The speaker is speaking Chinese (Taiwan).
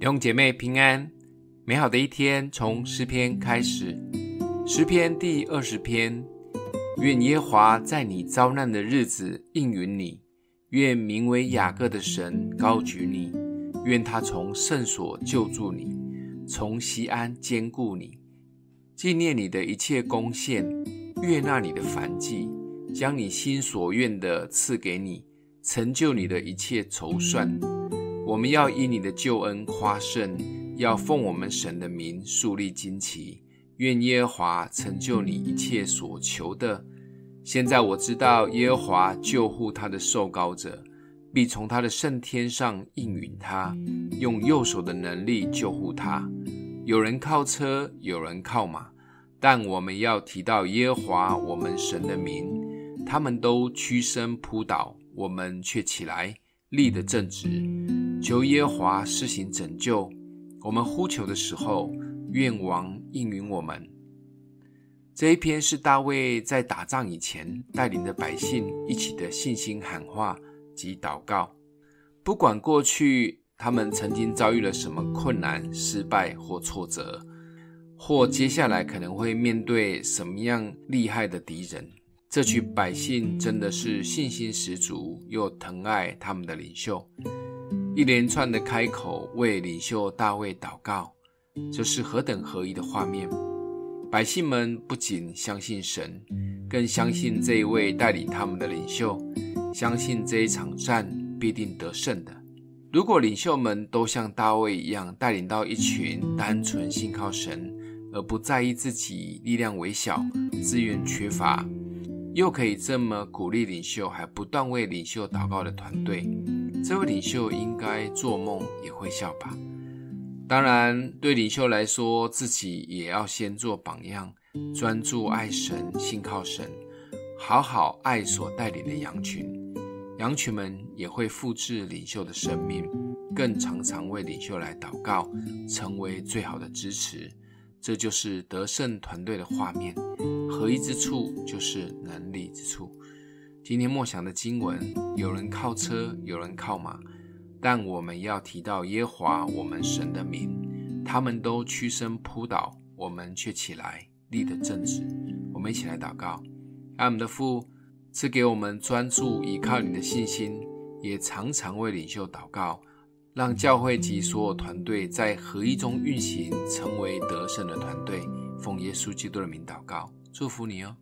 弟兄姐妹平安，美好的一天從詩篇開始。詩篇第二十篇，願耶和華在你遭難的日子應允你，願名為雅各的神高舉你，願他從聖所救助你，從錫安堅固你。紀念你的一切供獻，悅納你的燔祭，將你心所願的賜給你，成就你的一切籌算。我們要以你的救恩誇勝，要奉我們神的名樹立旌旗。願耶和華成就你一切所求的。現在我知道耶和華救護他的受膏者，必從他的聖天上應允他，用右手的能力救護他。有人靠車，有人靠馬，但我們要提到耶和華我們神的名，他們都屈身仆倒，我們卻起來，立得正直。求耶和華施行拯救。我們呼求的時候，願王應允我們。這一篇是大衛在打仗以前帶領的百姓一起的信心喊話及禱告。不管過去他們曾經遭遇了什麼困難、失敗或挫折，或接下來可能會面對什麼樣厲害的敵人，這群百姓真的是信心十足，又疼愛他們的領袖。一連串的開口為領袖大衛禱告，這是何等合一的畫面！百姓們不僅相信神，更相信這一位帶領他們的領袖，相信這一場戰必定得勝的。如果領袖們都像大衛一樣，帶領到一群單純信靠神，而不在意自己力量微小、資源缺乏，又可以這麼鼓勵領袖，還不斷為領袖禱告的團隊。這位領袖應該做夢也會笑吧？當然，對領袖來說，自己也要先做榜樣，專注愛神，信靠神，好好愛所帶領的羊群。羊群們也會複製領袖的生命，更常常為領袖來禱告，成為最好的支持。這就是得勝團隊的畫面。合一之處就是能力之處。今天默想的經文，有人靠車，有人靠馬，但我們要提到耶和華我們神的名，他們都屈身撲倒，我們卻起來立得正直。我們一起來禱告，愛我們的父賜給我們專注依靠你的信心，也常常為領袖禱告，讓教會及所有團隊在合一中運行，成為得勝的團隊。奉耶穌基督的名禱告，祝福你哦。